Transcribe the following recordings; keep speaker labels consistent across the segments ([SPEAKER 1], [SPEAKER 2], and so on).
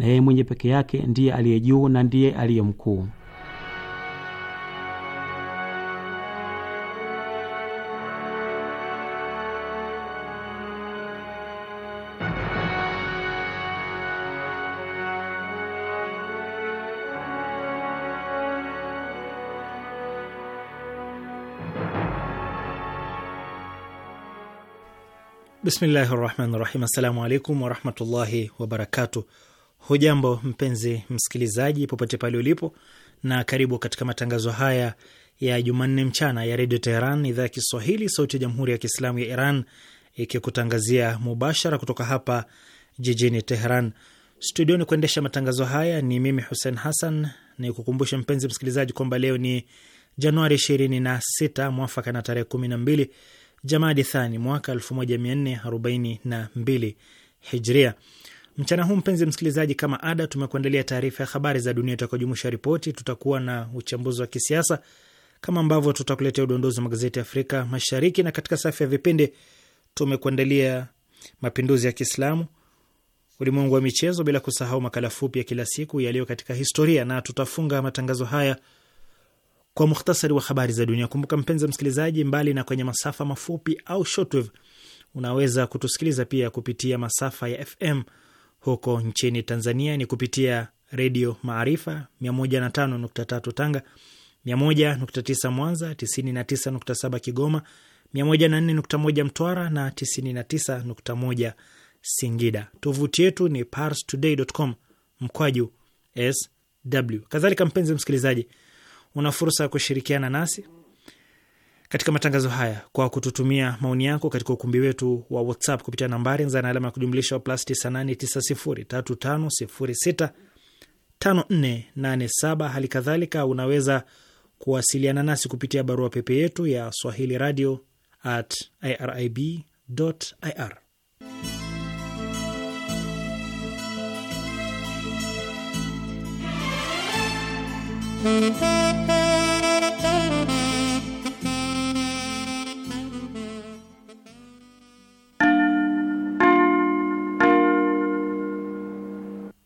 [SPEAKER 1] na yeye mwenye peke yake ndiye aliye juu na ndiye aliye mkuu. Bismillahi rahmani rahim. Assalamu alaikum warahmatullahi wabarakatuh. Hujambo mpenzi msikilizaji, popote pale ulipo, na karibu katika matangazo haya ya Jumanne mchana ya redio Teheran, idhaa ya Kiswahili, sauti ya jamhuri ya kiislamu ya Iran, ikikutangazia mubashara kutoka hapa jijini Teheran. Studioni kuendesha matangazo haya ni mimi Hussein Hassan. Ni kukumbusha mpenzi msikilizaji kwamba leo ni Januari 26 mwafaka na tarehe 12 Jamadi Thani mwaka 1442 Hijria. Mchana huu mpenzi msikilizaji, kama ada, tumekuandalia taarifa ya habari za dunia itakayojumuisha ripoti. Tutakuwa na uchambuzi wa kisiasa kama ambavyo tutakuletea udondozi wa magazeti ya Afrika Mashariki, na katika safu ya vipindi tumekuandalia mapinduzi ya Kiislamu, ulimwengu wa michezo, bila kusahau makala fupi ya kila siku yaliyo katika historia, na tutafunga matangazo haya kwa muhtasari wa habari za dunia. Kumbuka mpenzi msikilizaji, mbali na kwenye masafa mafupi au shortwave, unaweza kutusikiliza pia kupitia masafa ya FM huko nchini Tanzania ni kupitia Redio Maarifa 105.3 Tanga, 101.9 Mwanza, 99.7 Kigoma, 104.1 Mtwara na 99.1 Singida. Tovuti yetu ni parstoday.com mkwaju sw. Kadhalika mpenzi msikilizaji, una fursa ya kushirikiana nasi katika matangazo haya kwa kututumia maoni yako katika ukumbi wetu wa WhatsApp kupitia nambari nzana alama ya kujumlisha plus 989035065487. Hali kadhalika unaweza kuwasiliana nasi kupitia barua pepe yetu ya swahili radio at irib ir.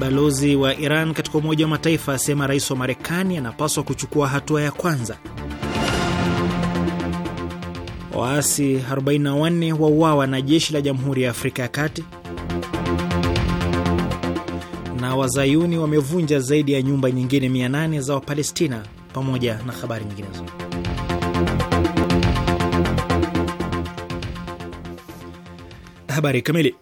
[SPEAKER 1] Balozi wa Iran katika Umoja wa Mataifa asema rais wa Marekani anapaswa kuchukua hatua ya kwanza. Waasi 44 wauawa na jeshi la Jamhuri ya Afrika ya Kati. Na wazayuni wamevunja zaidi ya nyumba nyingine 800 za Wapalestina, pamoja na habari nyinginezo. Habari kamili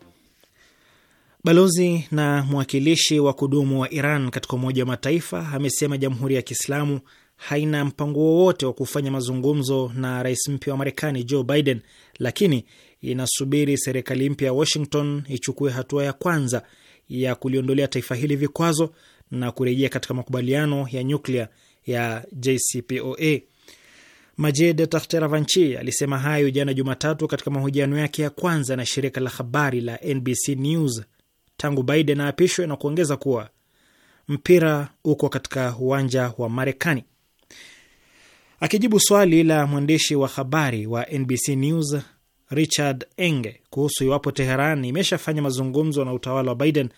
[SPEAKER 1] Balozi na mwakilishi wa kudumu wa Iran katika Umoja wa Mataifa amesema Jamhuri ya Kiislamu haina mpango wowote wa kufanya mazungumzo na rais mpya wa Marekani Joe Biden, lakini inasubiri serikali mpya ya Washington ichukue hatua ya kwanza ya kuliondolea taifa hili vikwazo na kurejea katika makubaliano ya nyuklia ya JCPOA. Majed Tahteravanchi alisema hayo jana Jumatatu katika mahojiano yake ya kwanza na shirika la habari la NBC News tangu Biden aapishwe na kuongeza kuwa mpira uko katika uwanja wa Marekani. Akijibu swali la mwandishi wa habari wa NBC News Richard Enge kuhusu iwapo Teheran imeshafanya mazungumzo na utawala wa Biden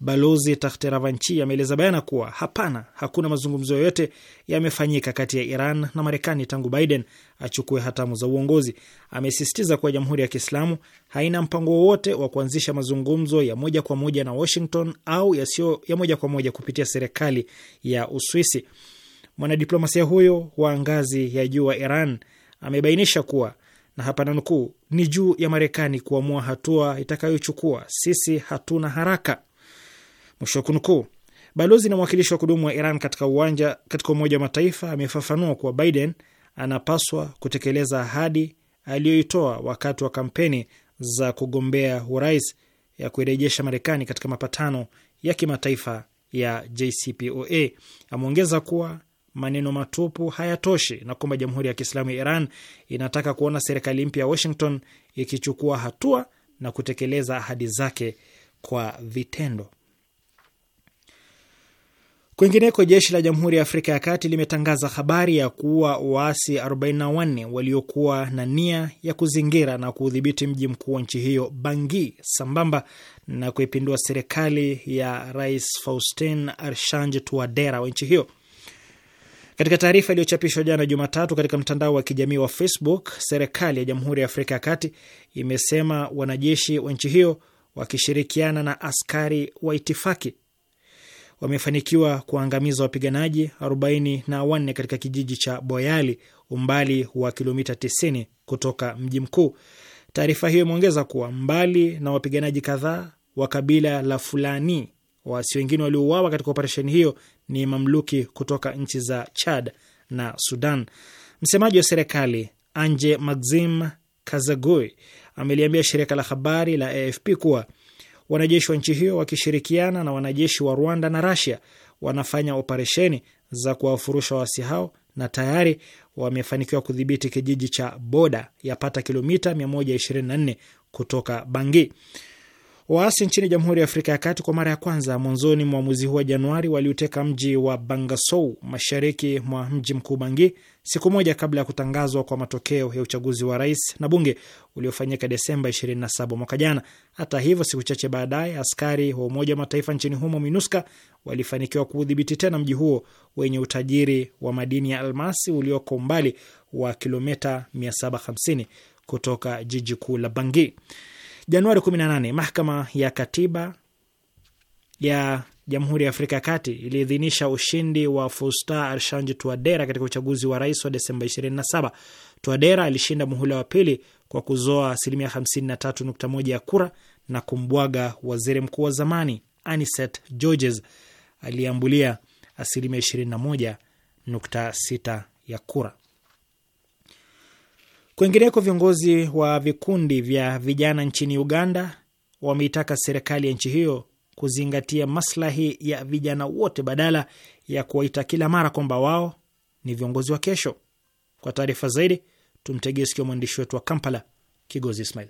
[SPEAKER 1] Balozi Tahteravanchi ameeleza bayana kuwa hapana, hakuna mazungumzo yoyote yamefanyika kati ya Iran na Marekani tangu Biden achukue hatamu za uongozi. Amesisitiza kuwa Jamhuri ya Kiislamu haina mpango wowote wa kuanzisha mazungumzo ya moja kwa moja na Washington au yasiyo ya moja kwa moja kupitia serikali ya Uswisi. Mwanadiplomasia huyo wa ngazi ya juu wa Iran amebainisha kuwa na hapa nanukuu, ni juu ya Marekani kuamua hatua itakayochukua. Sisi hatuna haraka. Mwisho wa kunukuu. Balozi na mwakilishi wa kudumu wa Iran katika uwanja katika Umoja wa Mataifa amefafanua kuwa Biden anapaswa kutekeleza ahadi aliyoitoa wakati wa kampeni za kugombea urais ya kuirejesha Marekani katika mapatano ya kimataifa ya JCPOA. Ameongeza kuwa maneno matupu hayatoshi na kwamba Jamhuri ya Kiislamu ya Iran inataka kuona serikali mpya ya Washington ikichukua hatua na kutekeleza ahadi zake kwa vitendo. Kwingineko, jeshi la Jamhuri ya Afrika ya Kati limetangaza habari ya kuua waasi 44 waliokuwa na nia ya kuzingira na kuudhibiti mji mkuu wa nchi hiyo Bangi, sambamba na kuipindua serikali ya Rais Faustin Archange Touadera wa nchi hiyo. Katika taarifa iliyochapishwa jana Jumatatu katika mtandao wa kijamii wa Facebook, serikali ya Jamhuri ya Afrika ya Kati imesema wanajeshi wa nchi hiyo wakishirikiana na askari wa itifaki wamefanikiwa kuangamiza wapiganaji 44 katika kijiji cha Boyali, umbali wa kilomita 90 kutoka mji mkuu. Taarifa hiyo imeongeza kuwa mbali na wapiganaji kadhaa wa kabila la Fulani, waasi wengine waliouawa katika operesheni hiyo ni mamluki kutoka nchi za Chad na Sudan. Msemaji wa serikali Anje Maxim kazagui ameliambia shirika la habari la AFP kuwa Wanajeshi wa nchi hiyo wakishirikiana na wanajeshi wa Rwanda na Rasia wanafanya operesheni za kuwafurusha waasi hao na tayari wamefanikiwa kudhibiti kijiji cha Boda yapata kilomita 124 kutoka Bangi. Waasi nchini Jamhuri ya Afrika ya Kati kwa mara ya kwanza mwanzoni mwa mwezi huu wa Januari waliuteka mji wa Bangasou mashariki mwa mji mkuu Bangi siku moja kabla ya kutangazwa kwa matokeo ya uchaguzi wa rais na bunge uliofanyika Desemba 27 mwaka jana. Hata hivyo, siku chache baadaye askari wa Umoja wa Mataifa nchini humo MINUSCA walifanikiwa kuudhibiti tena mji huo wenye utajiri wa madini ya almasi ulioko umbali wa kilomita 750 kutoka jiji kuu la Bangi. Januari 18 mahakama ya katiba ya Jamhuri ya Afrika ya Kati iliidhinisha ushindi wa fusta Archange tuadera katika uchaguzi wa rais wa Desemba 27. tuadera alishinda muhula wa pili kwa kuzoa asilimia 53.1 ya kura na kumbwaga waziri mkuu wa zamani aniset Georges aliyeambulia asilimia 21.6 ya kura. Kwingineko, viongozi wa vikundi vya vijana nchini Uganda wameitaka serikali ya nchi hiyo kuzingatia maslahi ya vijana wote badala ya kuwaita kila mara kwamba wao ni viongozi wa kesho. Kwa taarifa zaidi,
[SPEAKER 2] tumtegee sikio mwandishi wetu wa Kampala, Kigozi Ismail.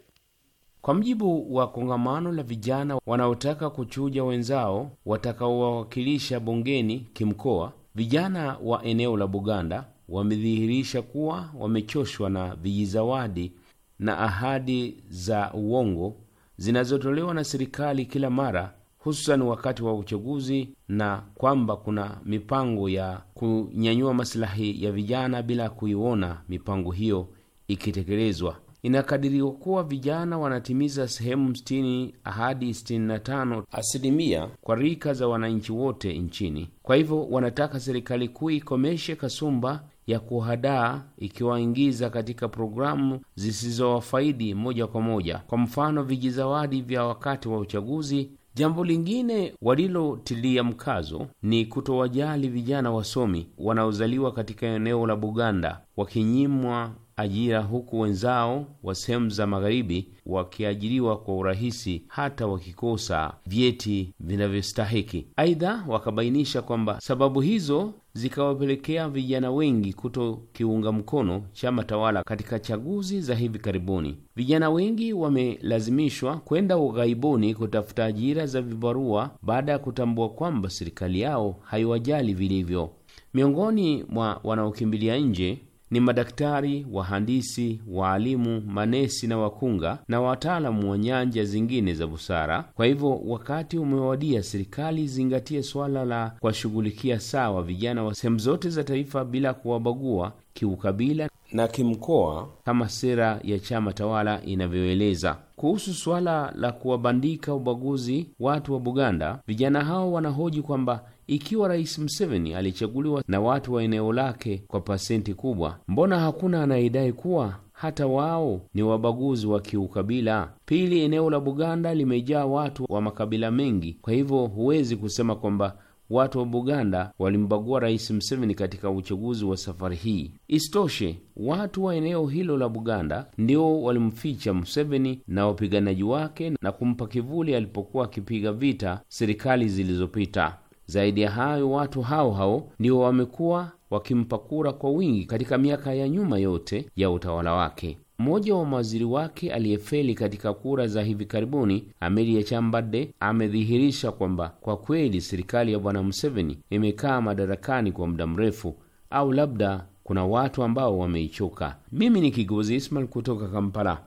[SPEAKER 2] Kwa mjibu wa kongamano la vijana wanaotaka kuchuja wenzao watakaowawakilisha bungeni kimkoa, vijana wa eneo la Buganda wamedhihirisha kuwa wamechoshwa na vijizawadi na ahadi za uongo zinazotolewa na serikali kila mara, hususan wakati wa uchaguzi, na kwamba kuna mipango ya kunyanyua masilahi ya vijana bila kuiona mipango hiyo ikitekelezwa. Inakadiriwa kuwa vijana wanatimiza sehemu 60 hadi 65 asilimia kwa rika za wananchi wote nchini. Kwa hivyo wanataka serikali kuu ikomeshe kasumba ya kuhadaa ikiwaingiza katika programu zisizowafaidi moja kwa moja, kwa mfano vijizawadi vya wakati wa uchaguzi. Jambo lingine walilotilia mkazo ni kutowajali vijana wasomi wanaozaliwa katika eneo la Buganda wakinyimwa ajira huku wenzao wa sehemu za magharibi wakiajiriwa kwa urahisi hata wakikosa vyeti vinavyostahiki. Aidha, wakabainisha kwamba sababu hizo zikawapelekea vijana wengi kutokiunga mkono chama tawala katika chaguzi za hivi karibuni. Vijana wengi wamelazimishwa kwenda ughaibuni kutafuta ajira za vibarua baada ya kutambua kwamba serikali yao haiwajali vilivyo. Miongoni mwa wanaokimbilia nje ni madaktari, wahandisi, waalimu, manesi na wakunga na wataalamu wa nyanja zingine za busara. Kwa hivyo wakati umewadia, serikali izingatie swala la kuwashughulikia sawa vijana wa sehemu zote za taifa bila kuwabagua kiukabila na kimkoa kama sera ya chama tawala inavyoeleza. Kuhusu suala la kuwabandika ubaguzi watu wa Buganda, vijana hao wanahoji kwamba ikiwa Rais Museveni alichaguliwa na watu wa eneo lake kwa pasenti kubwa, mbona hakuna anayedai kuwa hata wao ni wabaguzi wa kiukabila? Pili, eneo la Buganda limejaa watu wa makabila mengi, kwa hivyo huwezi kusema kwamba watu wa Buganda walimbagua Rais Museveni katika uchaguzi wa safari hii. Isitoshe, watu wa eneo hilo la Buganda ndio walimficha Museveni na wapiganaji wake na kumpa kivuli alipokuwa akipiga vita serikali zilizopita. Zaidi ya hayo, watu hao hao ndio wamekuwa wakimpa kura kwa wingi katika miaka ya nyuma yote ya utawala wake. Mmoja wa mawaziri wake aliyefeli katika kura za hivi karibuni, Amelia Chambade, amedhihirisha kwamba kwa kweli serikali ya Bwana Museveni imekaa madarakani kwa muda mrefu, au labda kuna watu ambao wameichoka. Mimi ni Kigozi Ismail kutoka Kampala.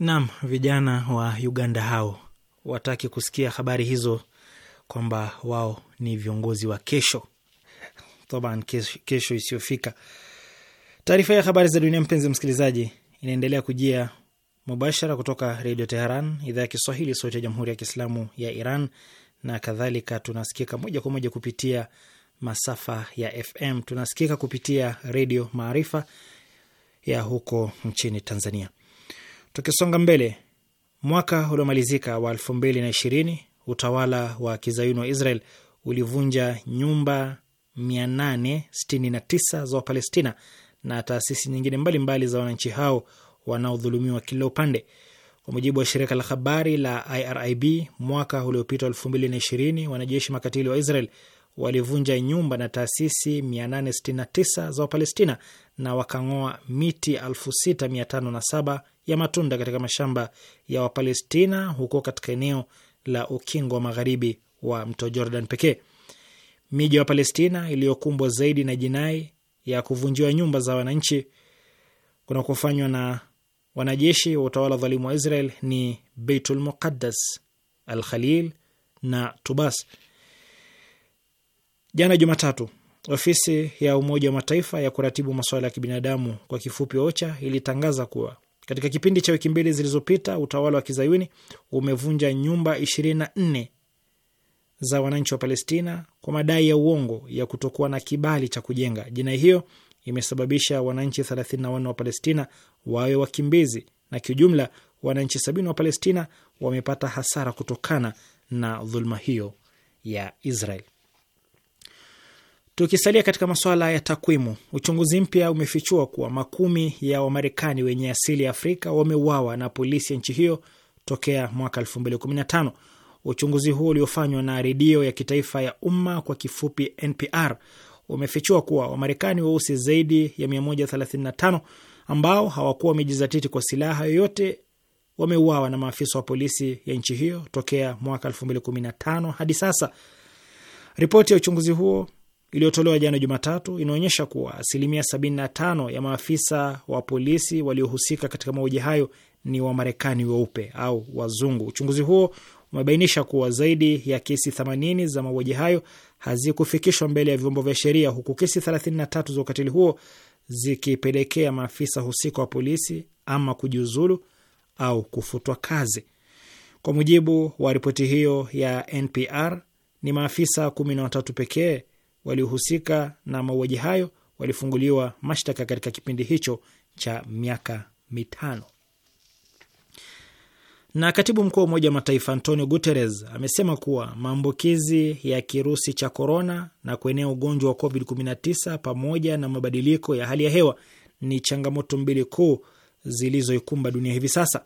[SPEAKER 1] Naam, vijana wa Uganda hao wataki kusikia habari hizo kwamba wao ni viongozi wa kesho toban kesho, kesho isiyofika. Taarifa ya habari za dunia, mpenzi msikilizaji, inaendelea kujia mubashara kutoka Redio Teheran, idhaa ya Kiswahili, sauti ya Jamhuri ya Kiislamu ya Iran na kadhalika. Tunasikika moja kwa moja kupitia masafa ya FM, tunasikika kupitia Redio Maarifa ya huko nchini Tanzania. Tukisonga mbele Mwaka uliomalizika wa 220 utawala wa kizayuni wa Israel ulivunja nyumba 869 za Wapalestina na taasisi nyingine mbalimbali mbali za wananchi hao wanaodhulumiwa kila upande. Kwa mujibu wa shirika la habari la IRIB, mwaka uliopita 2020 wanajeshi makatili wa Israel walivunja nyumba na taasisi 869 za Wapalestina na wakang'oa miti 6507 ya matunda katika mashamba ya Wapalestina huko katika eneo la ukingo wa magharibi wa mto Jordan pekee. Miji ya Palestina iliyokumbwa zaidi na jinai ya kuvunjiwa nyumba za wananchi kufanywa na wanajeshi wa utawala dhalimu wa Israel ni Beitul Muqaddas, Al Khalil na Tubas. Jana Jumatatu, ofisi ya Umoja wa Mataifa ya kuratibu masuala ya kibinadamu kwa kifupi OCHA ilitangaza kuwa katika kipindi cha wiki mbili zilizopita, utawala wa kizayuni umevunja nyumba nne za wananchi wa Palestina kwa madai ya uongo ya kutokuwa na kibali cha kujenga. Jinai hiyo imesababisha wananchi 34 wa Palestina wawe wakimbizi na kiujumla wananchi sabini wa Palestina wamepata hasara kutokana na dhuluma hiyo ya Israel. Tukisalia katika masuala ya takwimu, uchunguzi mpya umefichua kuwa makumi ya Wamarekani wenye asili ya Afrika wameuawa na polisi ya nchi hiyo tokea mwaka 2015. Uchunguzi huo uliofanywa na redio ya kitaifa ya umma kwa kifupi NPR umefichua kuwa Wamarekani weusi zaidi ya 135 ambao hawakuwa wamejizatiti kwa silaha yoyote wameuawa na maafisa wa polisi ya nchi hiyo tokea mwaka 2015 hadi sasa. Ripoti ya uchunguzi huo iliyotolewa jana Jumatatu inaonyesha kuwa asilimia 75 ya maafisa wa polisi waliohusika katika mauaji hayo ni Wamarekani weupe au wazungu. Uchunguzi huo umebainisha kuwa zaidi ya kesi 80 za mauaji hayo hazikufikishwa mbele ya vyombo vya sheria, huku kesi 33 za ukatili huo zikipelekea maafisa husika wa polisi ama kujiuzulu au kufutwa kazi. Kwa mujibu wa ripoti hiyo ya NPR, ni maafisa 1 pekee waliohusika na mauaji hayo walifunguliwa mashtaka katika kipindi hicho cha miaka mitano. Na katibu mkuu wa Umoja wa Mataifa Antonio Guterres amesema kuwa maambukizi ya kirusi cha korona na kuenea ugonjwa wa COVID-19 pamoja na mabadiliko ya hali ya hewa ni changamoto mbili kuu zilizoikumba dunia hivi sasa.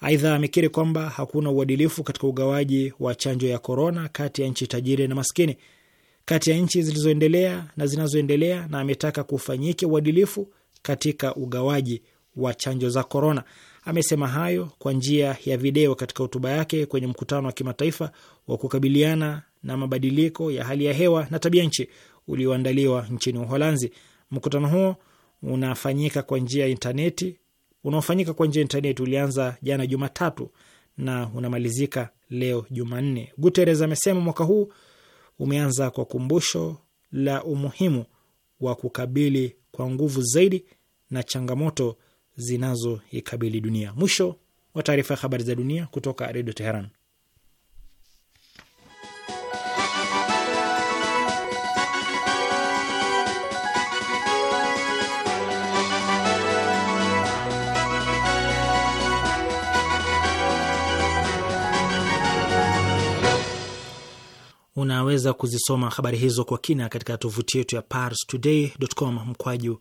[SPEAKER 1] Aidha, amekiri kwamba hakuna uadilifu katika ugawaji wa chanjo ya korona kati ya nchi tajiri na maskini kati ya nchi zilizoendelea na zinazoendelea na ametaka kufanyike uadilifu katika ugawaji wa chanjo za korona. Amesema hayo kwa njia ya video katika hotuba yake kwenye mkutano wa kimataifa wa kukabiliana na mabadiliko ya hali ya hewa na tabia nchi ulioandaliwa nchini Uholanzi. Mkutano huo unafanyika kwa njia ya intaneti, unaofanyika kwa njia ya intaneti ulianza jana Jumatatu na unamalizika leo Jumanne. Guterres amesema mwaka huu umeanza kwa kumbusho la umuhimu wa kukabili kwa nguvu zaidi na changamoto zinazoikabili dunia. Mwisho wa taarifa ya habari za dunia kutoka Redio Teheran. Unaweza kuzisoma habari hizo kwa kina katika tovuti yetu ya parstoday.com mkwaju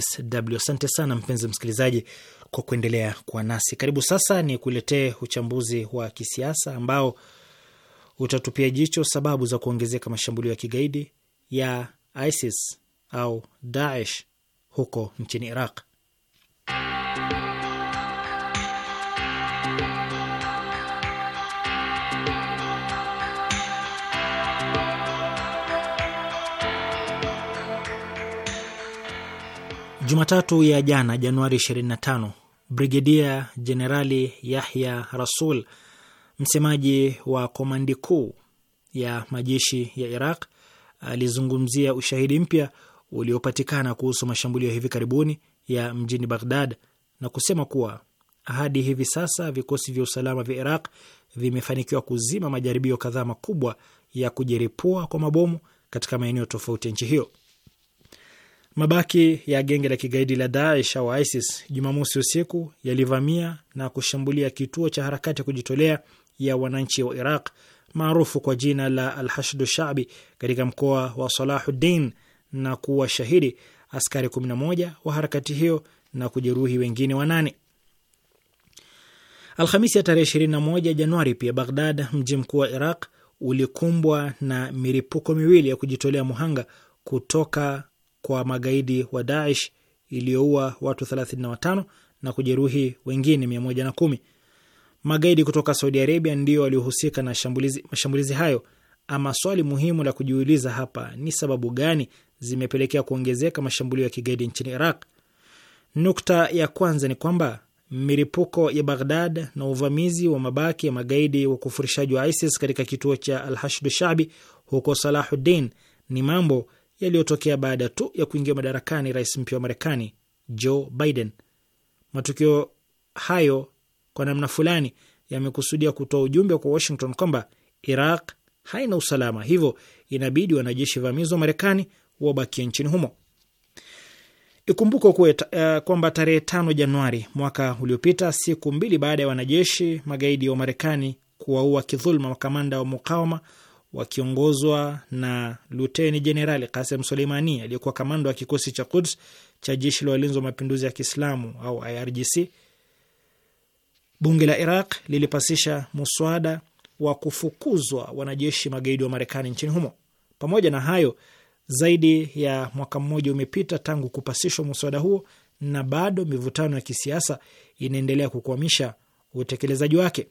[SPEAKER 1] sw. Asante sana mpenzi msikilizaji kwa kuendelea kuwa nasi. Karibu sasa ni kuletee uchambuzi wa kisiasa ambao utatupia jicho sababu za kuongezeka mashambulio ya kigaidi ya ISIS au Daesh huko nchini Iraq. Jumatatu ya jana Januari 25, Brigedia Jenerali Yahya Rasul, msemaji wa komandi kuu ya majeshi ya Iraq, alizungumzia ushahidi mpya uliopatikana kuhusu mashambulio ya hivi karibuni ya mjini Baghdad na kusema kuwa hadi hivi sasa vikosi vya usalama vya Iraq vimefanikiwa kuzima majaribio kadhaa makubwa ya kujiripua kwa mabomu katika maeneo tofauti ya nchi hiyo. Mabaki ya genge la kigaidi la Daesh au ISIS Jumamosi usiku yalivamia na kushambulia kituo cha harakati ya kujitolea ya wananchi wa Iraq maarufu kwa jina la Alhashdu Shabi katika mkoa wa Salahuddin na kuwa shahidi askari 11 wa harakati hiyo na kujeruhi wengine wanane. Alhamisi ya tarehe 21 Januari, pia Baghdad, mji mkuu wa Iraq, ulikumbwa na miripuko miwili ya kujitolea muhanga kutoka kwa magaidi wa Daesh iliyoua watu 35 na kujeruhi wengine 110. Magaidi kutoka Saudi Arabia ndio waliohusika na shambulizi, mashambulizi hayo. Ama swali muhimu la kujiuliza hapa ni sababu gani zimepelekea kuongezeka mashambulio ya kigaidi nchini Iraq. Nukta ya kwanza ni kwamba miripuko ya Baghdad na uvamizi wa mabaki ya magaidi wa kufurishaji wa ISIS katika kituo cha Alhashdu Shabi huko Salahuddin ni mambo yaliyotokea baada tu ya kuingia madarakani rais mpya wa Marekani Joe Biden. Matukio hayo kwa namna fulani yamekusudia kutoa ujumbe kwa Washington kwamba Iraq haina usalama, hivyo inabidi wanajeshi vamizi wa Marekani wabakie nchini humo. Ikumbukwe uh, kwamba tarehe tano Januari mwaka uliopita, siku mbili baada ya wanajeshi magaidi wa Marekani kuwaua kidhuluma makamanda wa mukawama wakiongozwa na luteni jenerali Kasem Soleimani aliyekuwa kamanda wa kikosi cha Quds cha jeshi la walinzi wa mapinduzi ya Kiislamu au IRGC. Bunge la Iraq lilipasisha muswada wa kufukuzwa wanajeshi magaidi wa Marekani nchini humo. Pamoja na hayo, zaidi ya mwaka mmoja umepita tangu kupasishwa muswada huo na bado mivutano ya kisiasa inaendelea kukwamisha utekelezaji wake.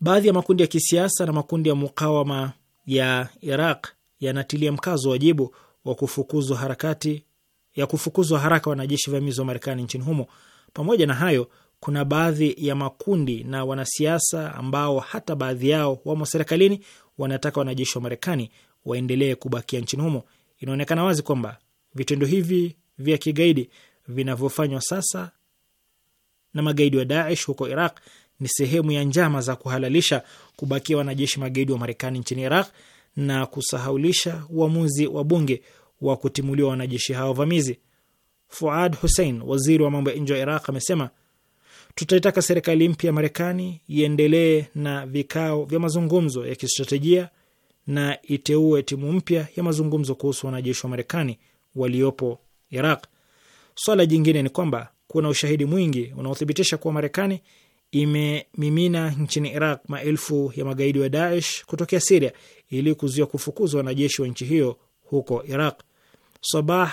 [SPEAKER 1] Baadhi ya makundi ya kisiasa na makundi ya mukawama ya Iraq yanatilia mkazo wajibu wa kufukuzwa harakati ya kufukuzwa haraka wanajeshi vamizi wa Marekani nchini humo. Pamoja na hayo, kuna baadhi ya makundi na wanasiasa ambao hata baadhi yao wamo serikalini wanataka wanajeshi wa Marekani waendelee kubakia nchini humo. Inaonekana wazi kwamba vitendo hivi vya kigaidi vinavyofanywa sasa na magaidi wa Daesh huko Iraq ni sehemu ya njama za kuhalalisha kubakia wanajeshi magaidi wa Marekani nchini Iraq na kusahaulisha uamuzi wa bunge wa kutimuliwa wanajeshi hao vamizi. Fuad Hussein, waziri wa mambo ya nje wa Iraq, amesema tutaitaka serikali mpya ya Marekani iendelee na vikao vya mazungumzo ya kistratejia na iteue timu mpya ya mazungumzo kuhusu wanajeshi wa Marekani waliopo Iraq. Swala jingine ni kwamba kuna ushahidi mwingi unaothibitisha kuwa Marekani imemimina nchini Iraq maelfu ya magaidi wa Daesh kutokea Siria ili kuzuia kufukuzwa wanajeshi wa nchi hiyo huko Iraq. Sabah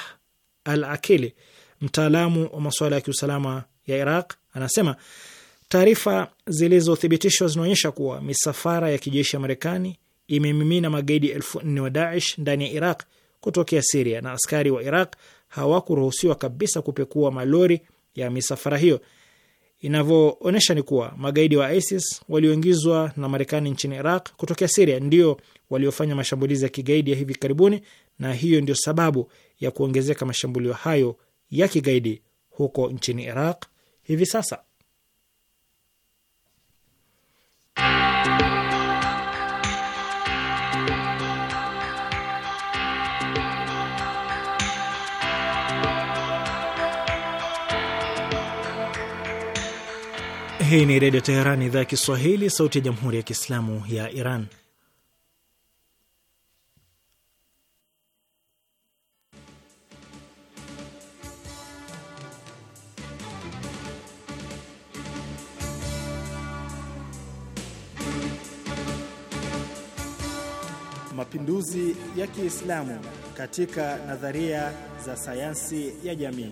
[SPEAKER 1] Al Akili, mtaalamu wa masuala ya kiusalama ya Iraq, anasema taarifa zilizothibitishwa zinaonyesha kuwa misafara ya kijeshi ya Marekani imemimina magaidi elfu nne wa Daesh ndani ya Iraq kutokea Siria, na askari wa Iraq hawakuruhusiwa kabisa kupekua malori ya misafara hiyo inavyoonyesha ni kuwa magaidi wa ISIS walioingizwa na Marekani nchini Iraq kutokea Siria ndio waliofanya mashambulizi ya kigaidi ya hivi karibuni, na hiyo ndio sababu ya kuongezeka mashambulio hayo ya kigaidi huko nchini Iraq hivi sasa. Hii ni Redio Teheran, idhaa ya Kiswahili, sauti ya Jamhuri ya Kiislamu ya Iran. Mapinduzi ya Kiislamu katika nadharia za sayansi ya jamii.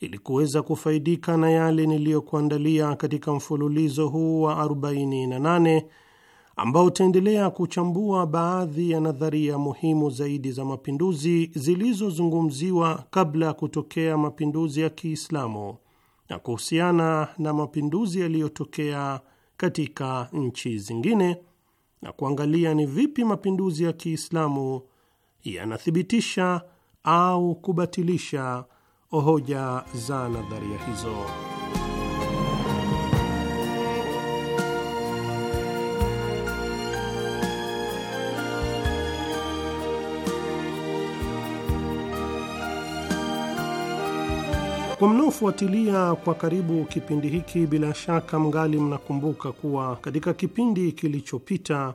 [SPEAKER 3] ili kuweza kufaidika na yale niliyokuandalia katika mfululizo huu wa 48 ambao utaendelea kuchambua baadhi ya nadharia muhimu zaidi za mapinduzi zilizozungumziwa kabla ya kutokea mapinduzi ya Kiislamu na kuhusiana na mapinduzi yaliyotokea katika nchi zingine na kuangalia ni vipi mapinduzi ya Kiislamu yanathibitisha au kubatilisha hoja za nadharia hizo. Kwa mnaofuatilia kwa karibu kipindi hiki, bila shaka mgali mnakumbuka kuwa katika kipindi kilichopita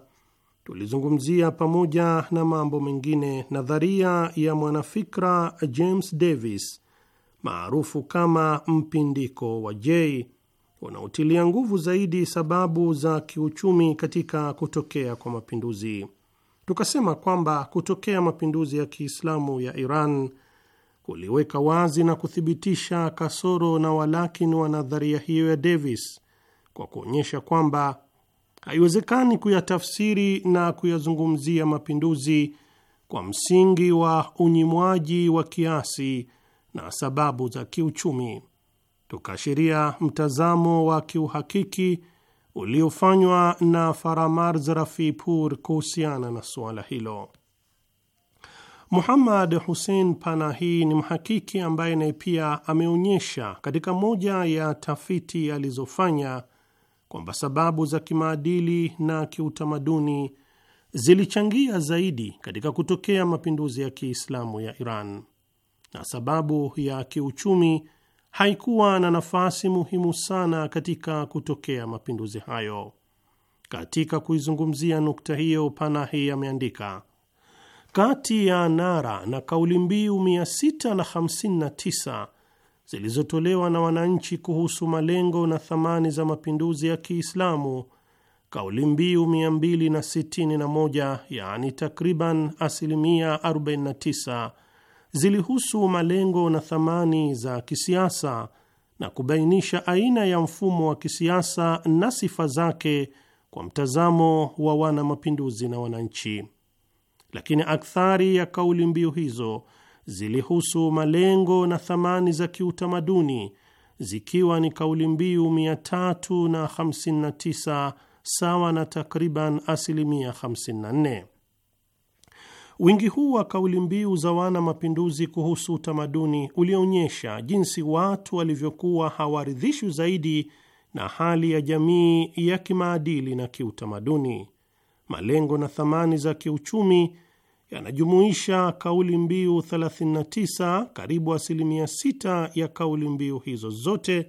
[SPEAKER 3] tulizungumzia pamoja na mambo mengine nadharia ya mwanafikra James Davis maarufu kama mpindiko wa J unaotilia nguvu zaidi sababu za kiuchumi katika kutokea kwa mapinduzi. Tukasema kwamba kutokea mapinduzi ya Kiislamu ya Iran kuliweka wazi na kuthibitisha kasoro na walakini wa nadharia hiyo ya Davis kwa kuonyesha kwamba haiwezekani kuyatafsiri na kuyazungumzia mapinduzi kwa msingi wa unyimwaji wa kiasi na sababu za kiuchumi. Tukaashiria mtazamo wa kiuhakiki uliofanywa na Faramarz Rafipour kuhusiana na suala hilo. Muhammad Hussein Panahi ni mhakiki ambaye naye pia ameonyesha katika moja ya tafiti alizofanya kwamba sababu za kimaadili na kiutamaduni zilichangia zaidi katika kutokea mapinduzi ya Kiislamu ya Iran na sababu ya kiuchumi haikuwa na nafasi muhimu sana katika kutokea mapinduzi hayo. Katika kuizungumzia nukta hiyo, Panahi ameandika kati ya nara na kauli mbiu 659 zilizotolewa na wananchi kuhusu malengo na thamani za mapinduzi ya Kiislamu, kauli mbiu 261 yaani takriban asilimia 49 zilihusu malengo na thamani za kisiasa na kubainisha aina ya mfumo wa kisiasa na sifa zake kwa mtazamo wa wana mapinduzi na wananchi. Lakini akthari ya kauli mbiu hizo zilihusu malengo na thamani za kiutamaduni zikiwa ni kauli mbiu 359 sawa na takriban asilimia 54. Wingi huu wa kauli mbiu za wana mapinduzi kuhusu utamaduni ulionyesha jinsi watu walivyokuwa hawaridhishwi zaidi na hali ya jamii ya kimaadili na kiutamaduni. Malengo na thamani za kiuchumi yanajumuisha kauli mbiu 39, karibu asilimia 6 ya kauli mbiu hizo zote,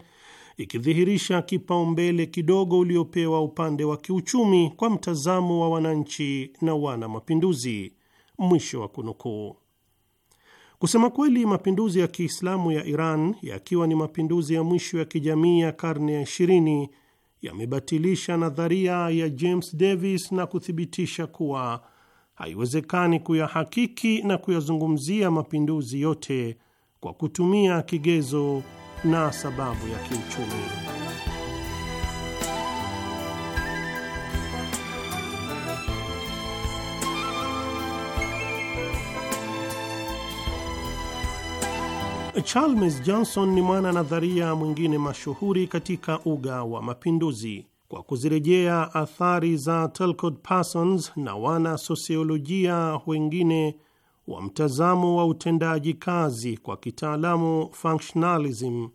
[SPEAKER 3] ikidhihirisha kipaumbele kidogo uliopewa upande wa kiuchumi kwa mtazamo wa wananchi na wana mapinduzi. Mwisho wa kunukuu. Kusema kweli, mapinduzi ya Kiislamu ya Iran yakiwa ni mapinduzi ya mwisho ya kijamii ya karne ya 20 yamebatilisha nadharia ya James Davis na kuthibitisha kuwa haiwezekani kuyahakiki na kuyazungumzia mapinduzi yote kwa kutumia kigezo na sababu ya kiuchumi. Charles Johnson ni mwana nadharia mwingine mashuhuri katika uga wa mapinduzi. Kwa kuzirejea athari za Talcott Parsons na wana sosiolojia wengine wa mtazamo wa utendaji kazi, kwa kitaalamu functionalism,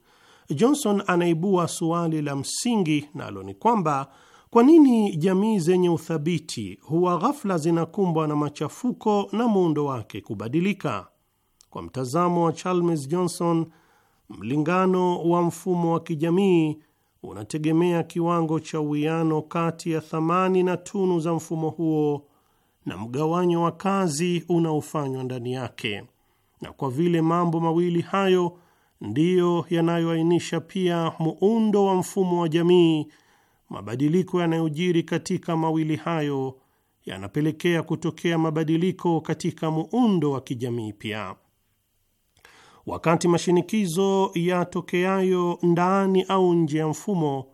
[SPEAKER 3] Johnson anaibua suali la msingi, nalo ni kwamba kwa nini jamii zenye uthabiti huwa ghafla zinakumbwa na machafuko na muundo wake kubadilika? Kwa mtazamo wa Chalmers Johnson, mlingano wa mfumo wa kijamii unategemea kiwango cha uwiano kati ya thamani na tunu za mfumo huo na mgawanyo wa kazi unaofanywa ndani yake, na kwa vile mambo mawili hayo ndiyo yanayoainisha pia muundo wa mfumo wa jamii, mabadiliko yanayojiri katika mawili hayo yanapelekea kutokea mabadiliko katika muundo wa kijamii pia wakati mashinikizo yatokeayo ndani au nje ya mfumo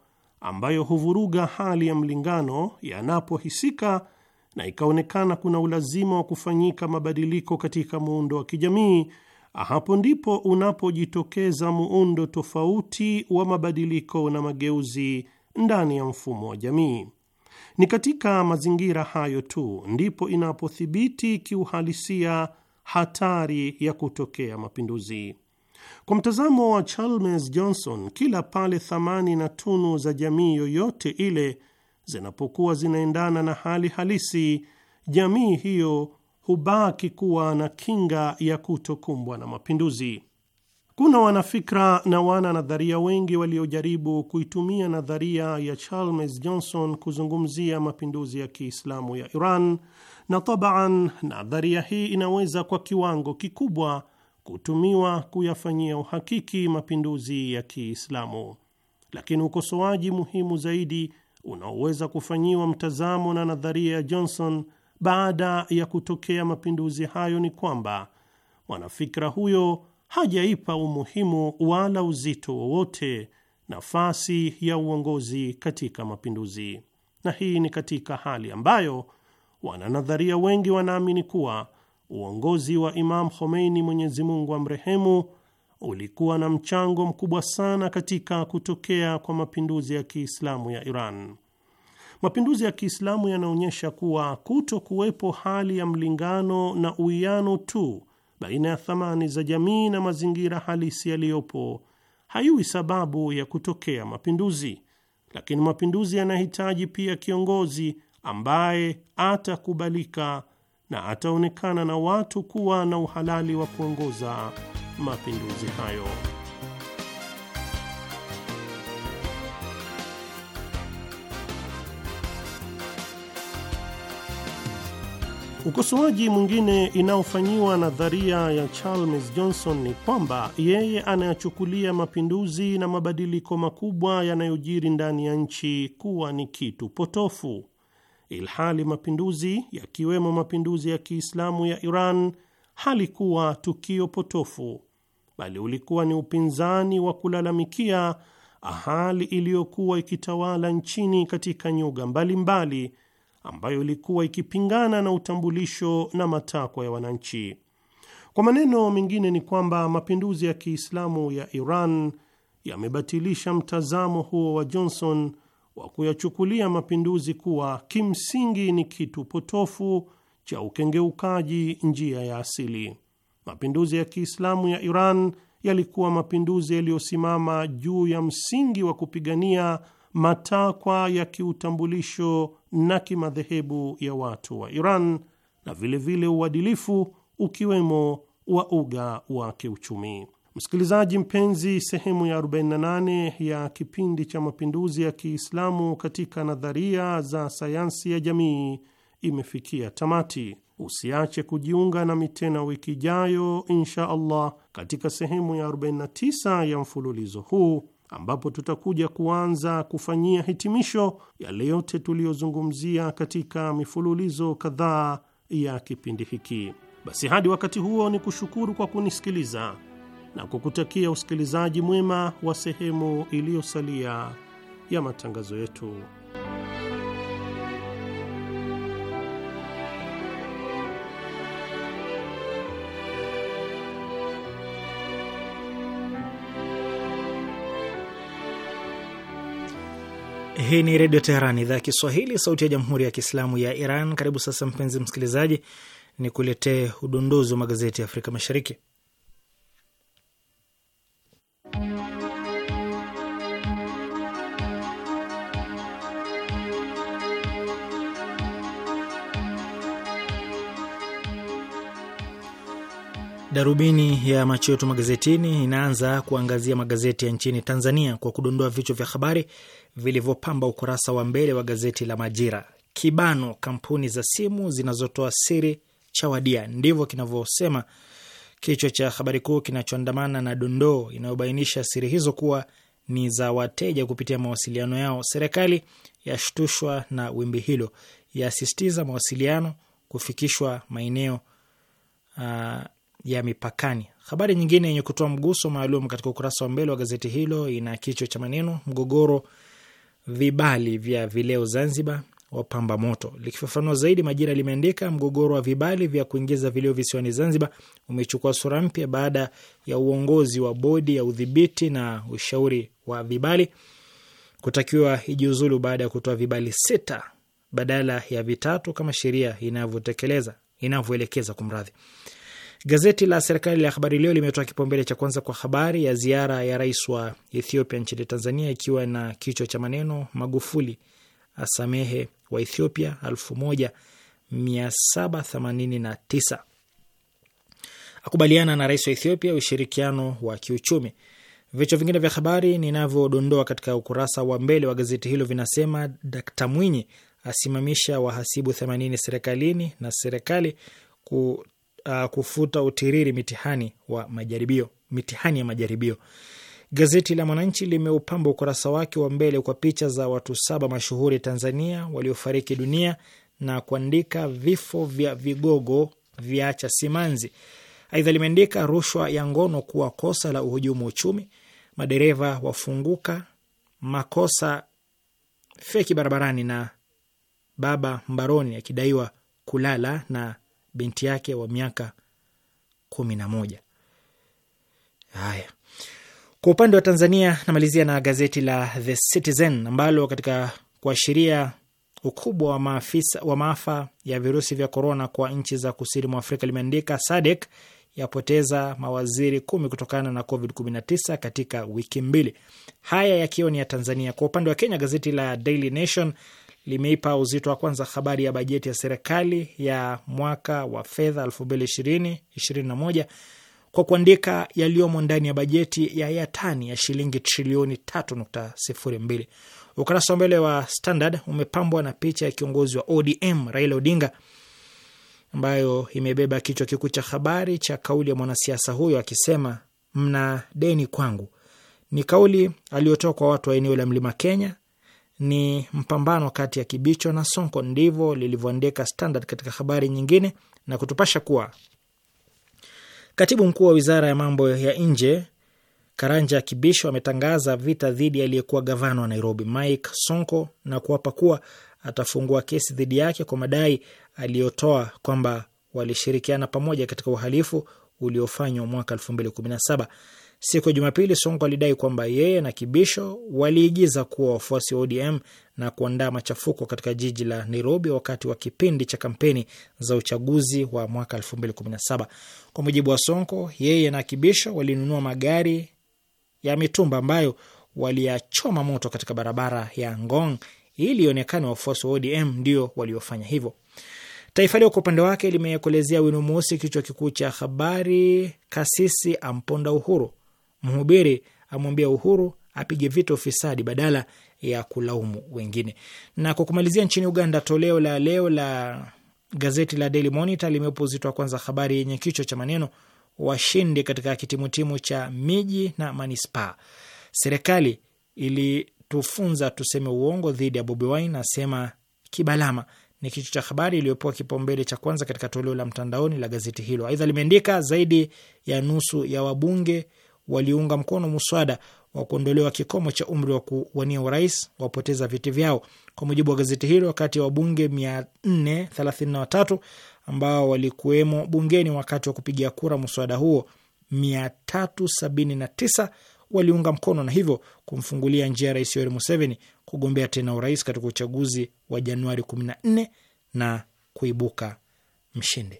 [SPEAKER 3] ambayo huvuruga hali ya mlingano yanapohisika na ikaonekana kuna ulazima wa kufanyika mabadiliko katika muundo wa kijamii, hapo ndipo unapojitokeza muundo tofauti wa mabadiliko na mageuzi ndani ya mfumo wa jamii. Ni katika mazingira hayo tu ndipo inapothibiti kiuhalisia hatari ya kutokea mapinduzi. Kwa mtazamo wa Chalmers Johnson, kila pale thamani na tunu za jamii yoyote ile zinapokuwa zinaendana na hali halisi, jamii hiyo hubaki kuwa na kinga ya kutokumbwa na mapinduzi. Kuna wanafikra na wana nadharia wengi waliojaribu kuitumia nadharia ya Chalmers Johnson kuzungumzia mapinduzi ya Kiislamu ya Iran na tabaan, nadharia hii inaweza kwa kiwango kikubwa kutumiwa kuyafanyia uhakiki mapinduzi ya Kiislamu, lakini ukosoaji muhimu zaidi unaoweza kufanyiwa mtazamo na nadharia ya Johnson baada ya kutokea mapinduzi hayo ni kwamba mwanafikra huyo hajaipa umuhimu wala uzito wowote nafasi ya uongozi katika mapinduzi, na hii ni katika hali ambayo Wananadharia wengi wanaamini kuwa uongozi wa Imam Khomeini, Mwenyezi Mungu amrehemu, ulikuwa na mchango mkubwa sana katika kutokea kwa mapinduzi ya Kiislamu ya Iran. Mapinduzi ya Kiislamu yanaonyesha kuwa kuto kuwepo hali ya mlingano na uwiano tu baina ya thamani za jamii na mazingira halisi yaliyopo haiwi sababu ya kutokea mapinduzi, lakini mapinduzi yanahitaji pia kiongozi ambaye atakubalika na ataonekana na watu kuwa na uhalali wa kuongoza mapinduzi hayo. Ukosoaji mwingine inayofanyiwa nadharia ya Chalmers Johnson ni kwamba yeye anayachukulia mapinduzi na mabadiliko makubwa yanayojiri ndani ya nchi kuwa ni kitu potofu ilhali mapinduzi yakiwemo mapinduzi ya Kiislamu ya Iran halikuwa tukio potofu, bali ulikuwa ni upinzani wa kulalamikia hali iliyokuwa ikitawala nchini katika nyuga mbalimbali mbali, ambayo ilikuwa ikipingana na utambulisho na matakwa ya wananchi. Kwa maneno mengine ni kwamba mapinduzi ya Kiislamu ya Iran yamebatilisha mtazamo huo wa Johnson wa kuyachukulia mapinduzi kuwa kimsingi ni kitu potofu cha ukengeukaji njia ya asili. Mapinduzi ya Kiislamu ya Iran yalikuwa mapinduzi yaliyosimama juu ya msingi wa kupigania matakwa ya kiutambulisho na kimadhehebu ya watu wa Iran na vilevile vile uadilifu ukiwemo wa uga wa kiuchumi. Msikilizaji mpenzi, sehemu ya 48 ya kipindi cha mapinduzi ya Kiislamu katika nadharia za sayansi ya jamii imefikia tamati. Usiache kujiunga nami tena wiki ijayo insha Allah katika sehemu ya 49 ya mfululizo huu ambapo tutakuja kuanza kufanyia hitimisho yale yote tuliyozungumzia katika mifululizo kadhaa ya kipindi hiki. Basi hadi wakati huo, ni kushukuru kwa kunisikiliza na kukutakia usikilizaji mwema wa sehemu iliyosalia ya matangazo yetu.
[SPEAKER 1] Hii ni Redio Teheran, idhaa ya Kiswahili, sauti ya Jamhuri ya Kiislamu ya Iran. Karibu sasa, mpenzi msikilizaji, ni kuletee udondozi wa magazeti ya Afrika Mashariki. Darubini ya macho yetu magazetini inaanza kuangazia magazeti ya nchini Tanzania kwa kudondoa vichwa vya habari vilivyopamba ukurasa wa mbele wa gazeti la Majira. Kibano kampuni za simu zinazotoa siri chawadia ndivyo kinavyosema Kichwa cha habari kuu kinachoandamana na dondoo inayobainisha siri hizo kuwa ni za wateja kupitia mawasiliano yao. Serikali yashtushwa na wimbi hilo, yasisitiza mawasiliano kufikishwa maeneo uh, ya mipakani. Habari nyingine yenye kutoa mguso maalum katika ukurasa wa mbele wa gazeti hilo ina kichwa cha maneno mgogoro vibali vya vileo Zanzibar wapamba moto. Likifafanua zaidi, Majira limeandika mgogoro wa vibali vya kuingiza vilio visiwani Zanzibar umechukua sura mpya baada ya uongozi wa bodi ya udhibiti na ushauri wa vibali kutakiwa ijiuzulu baada ya kutoa vibali sita badala ya vitatu kama sheria inavyotekeleza inavyoelekeza. Kumradhi. Gazeti la serikali la Habari Leo limetoa kipaumbele cha kwanza kwa habari ya ziara ya rais wa Ethiopia nchini Tanzania, ikiwa na kichwa cha maneno Magufuli asamehe wa Ethiopia 1789 akubaliana na rais wa Ethiopia ushirikiano wa kiuchumi. Vichwa vingine vya habari ninavyodondoa katika ukurasa wa mbele wa gazeti hilo vinasema: Dkt Mwinyi asimamisha wahasibu 80 serikalini na serikali ku, uh, kufuta utiriri mitihani wa majaribio, mitihani ya majaribio. Gazeti la Mwananchi limeupamba ukurasa wake wa mbele kwa picha za watu saba mashuhuri Tanzania waliofariki dunia na kuandika vifo vya vigogo viacha simanzi. Aidha limeandika rushwa ya ngono kuwa kosa la uhujumu uchumi, madereva wafunguka, makosa feki barabarani, na baba mbaroni akidaiwa kulala na binti yake wa miaka kumi na moja. Haya, kwa upande wa Tanzania, namalizia na gazeti la The Citizen ambalo katika kuashiria ukubwa wa maafisa, wa maafa ya virusi vya korona kwa nchi za kusini mwa Afrika limeandika SADC yapoteza mawaziri kumi kutokana na COVID-19 katika wiki mbili. Haya yakiwa ni ya Tanzania. Kwa upande wa Kenya, gazeti la Daily Nation limeipa uzito wa kwanza habari ya bajeti ya serikali ya mwaka wa fedha 2020/2021 kwa kuandika yaliyomo ndani ya bajeti ya Yatani ya shilingi trilioni 3.02. Ukurasa wa mbele wa Standard umepambwa na picha ya kiongozi wa ODM Raila Odinga ambayo imebeba kichwa kikuu cha habari cha kauli ya mwanasiasa huyo akisema mna deni kwangu. Ni kauli aliyotoa kwa watu wa eneo la mlima Kenya. Ni mpambano kati ya Kibicho na Sonko, ndivyo lilivyoandika Standard katika habari nyingine na kutupasha kuwa Katibu mkuu wa wizara ya mambo ya nje Karanja Kibisho ametangaza vita dhidi aliyekuwa gavana wa Nairobi Mike Sonko na kuapa kuwa atafungua kesi dhidi yake kwa madai aliyotoa kwamba walishirikiana pamoja katika uhalifu uliofanywa mwaka 2017. Siku ya Jumapili, Sonko alidai kwamba yeye na Kibisho waliigiza kuwa wafuasi wa ODM na kuandaa machafuko katika jiji la Nairobi wakati wa kipindi cha kampeni za uchaguzi wa mwaka 2017. Kwa mujibu wa Sonko, yeye na Kibisho walinunua magari ya mitumba ambayo waliyachoma moto katika barabara ya Ngong ili ionekane wafuasi wa ODM ndio waliofanya hivyo. Taifa Leo kwa upande wake limekolezea wino mweusi kichwa kikuu cha habari, kasisi amponda Uhuru. Mhubiri amwambia Uhuru apige vita ufisadi badala ya kulaumu wengine. Na kwa kumalizia, nchini Uganda, toleo la leo la gazeti la Daily Monitor limeupa uzito wa kwanza habari yenye kichwa cha maneno washindi katika kitimutimu cha miji na manispaa. Serikali ilitufunza tuseme uongo dhidi ya Bobi Wine, asema Kibalama, ni kichwa cha habari iliyopewa kipaumbele cha kwanza katika toleo la mtandaoni la gazeti hilo. Aidha limeandika zaidi ya nusu ya wabunge waliunga mkono muswada wa kuondolewa kikomo cha umri wa kuwania urais wapoteza viti vyao. Kwa mujibu wa gazeti hilo, kati ya wabunge 433 ambao walikuwemo bungeni wakati wa kupigia kura muswada huo, 379 waliunga mkono na hivyo kumfungulia njia Rais Yoweri Museveni kugombea tena urais katika uchaguzi wa Januari 14 na kuibuka mshindi.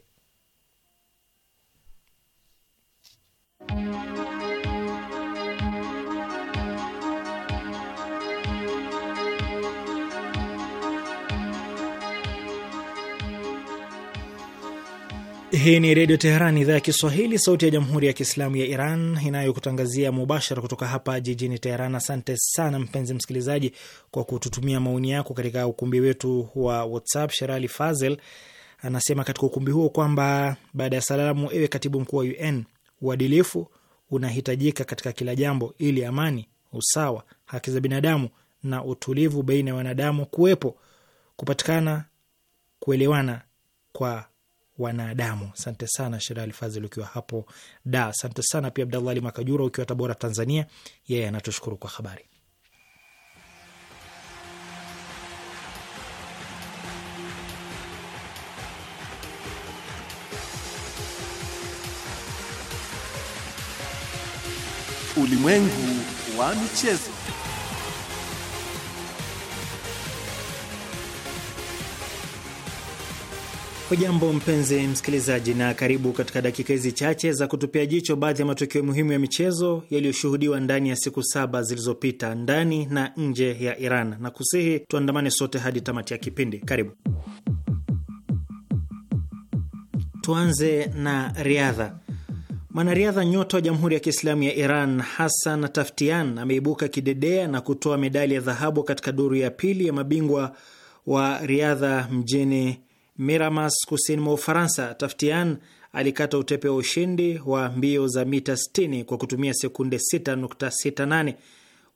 [SPEAKER 1] Hii ni Redio Teheran, idhaa ya Kiswahili, sauti ya Jamhuri ya Kiislamu ya Iran inayokutangazia mubashara kutoka hapa jijini Teheran. Asante sana mpenzi msikilizaji kwa kututumia maoni yako katika ukumbi wetu wa WhatsApp. Sherali Fazel anasema katika ukumbi huo kwamba baada ya salamu, ewe katibu mkuu wa UN, uadilifu unahitajika katika kila jambo ili amani, usawa, haki za binadamu na utulivu baina ya wanadamu kuwepo, kupatikana kuelewana kwa wanadamu. Asante sana Sherali Fazil ukiwa hapo Da. Asante sana pia Abdallah Ali Makajura ukiwa Tabora, Tanzania. Yeye anatushukuru kwa habari.
[SPEAKER 3] Ulimwengu wa michezo.
[SPEAKER 1] Hujambo mpenzi msikilizaji, na karibu katika dakika hizi chache za kutupia jicho baadhi ya matukio muhimu ya michezo yaliyoshuhudiwa ndani ya siku saba zilizopita ndani na nje ya Iran, na kusihi tuandamane sote hadi tamati ya kipindi. Karibu. Tuanze na riadha. Mwanariadha nyota wa Jamhuri ya Kiislamu ya Iran Hassan Taftian ameibuka kidedea na kutoa medali ya dhahabu katika duru ya pili ya mabingwa wa riadha mjini Miramas kusini mwa Ufaransa. Taftian alikata utepe wa ushindi wa mbio za mita 60 kwa kutumia sekunde 6.68.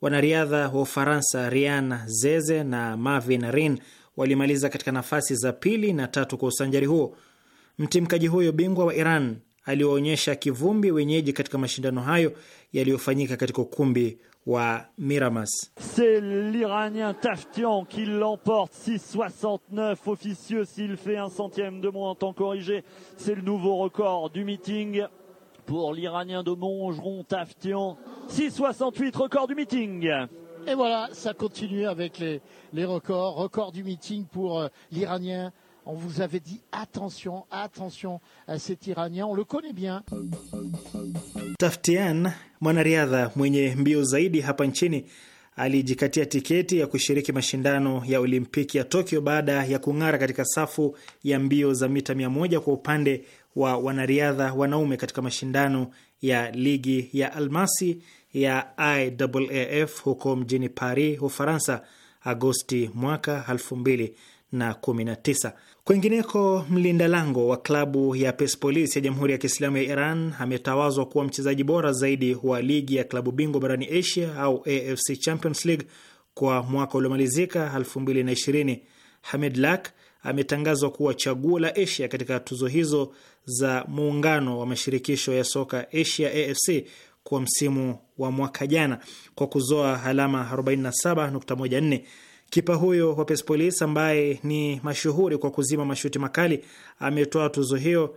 [SPEAKER 1] Wanariadha wa Ufaransa Rian Zeze na Marvin Rin walimaliza katika nafasi za pili na tatu kwa usanjari huo. Mtimkaji huyo bingwa wa Iran aliwaonyesha kivumbi wenyeji katika mashindano hayo yaliyofanyika katika ukumbi
[SPEAKER 4] C'est l'Iranien Taftian qui l'emporte 6,69 officieux s'il fait un centième de moins en temps corrigé. C'est le nouveau record du meeting pour l'Iranien de Montgeron Taftian. 6,68 record du meeting. Et voilà, ça continue avec les, les records. Record du meeting pour euh, l'Iranien On vous avait dit
[SPEAKER 1] attention, attention à cet Iranien, on le connaît bien. Taftian, mwanariadha mwenye mbio zaidi hapa nchini, alijikatia tiketi ya kushiriki mashindano ya Olimpiki ya Tokyo baada ya kung'ara katika safu ya mbio za mita 100 kwa upande wa wanariadha wanaume katika mashindano ya ligi ya almasi ya IAAF huko mjini Paris, Ufaransa, Agosti mwaka na tisa. Kwengineko, mlinda lango wa klabu ya Persepolis ya Jamhuri ya Kiislamu ya Iran ametawazwa kuwa mchezaji bora zaidi wa ligi ya klabu bingwa barani Asia au AFC Champions League kwa mwaka uliomalizika 2020. Hamid Lak ametangazwa kuwa chaguo la Asia katika tuzo hizo za muungano wa mashirikisho ya soka Asia AFC kwa msimu wa mwaka jana kwa kuzoa alama 47.14. Kipa huyo wa Persepolis ambaye ni mashuhuri kwa kuzima mashuti makali ametoa tuzo hiyo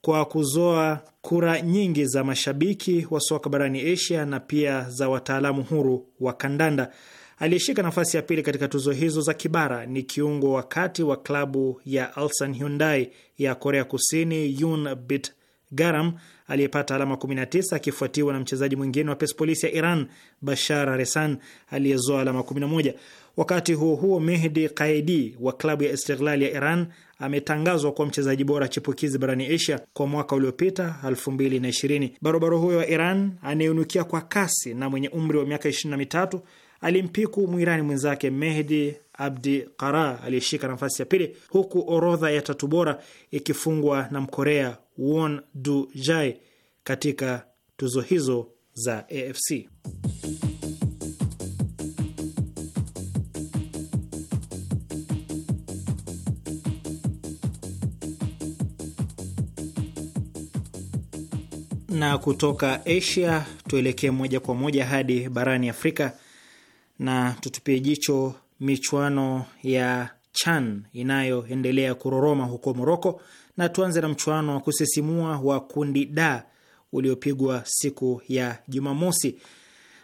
[SPEAKER 1] kwa kuzoa kura nyingi za mashabiki wa soka barani Asia na pia za wataalamu huru wa kandanda. Aliyeshika nafasi ya pili katika tuzo hizo za kibara ni kiungo wa kati wa klabu ya Ulsan Hyundai ya Korea Kusini, yun Bit Garam aliyepata alama 19 akifuatiwa na mchezaji mwingine wa Persepolis ya Iran, Bashar Resan aliyezoa alama 11. Wakati huo huo, Mehdi Qaidi wa klabu ya Istiklal ya Iran ametangazwa kuwa mchezaji bora chipukizi barani Asia kwa mwaka uliopita 2020. Barobaro huyo wa Iran anayeunukia kwa kasi na mwenye umri wa miaka 23 alimpiku mwirani mwenzake Mehdi Abdi Qara aliyeshika nafasi ya pili, huku orodha ya tatu bora ikifungwa na Mkorea Won Du Jai katika tuzo hizo za AFC. na kutoka Asia tuelekee moja kwa moja hadi barani Afrika na tutupie jicho michuano ya CHAN inayoendelea kuroroma huko Moroko, na tuanze na mchuano wa kusisimua wa kundi D uliopigwa siku ya Jumamosi,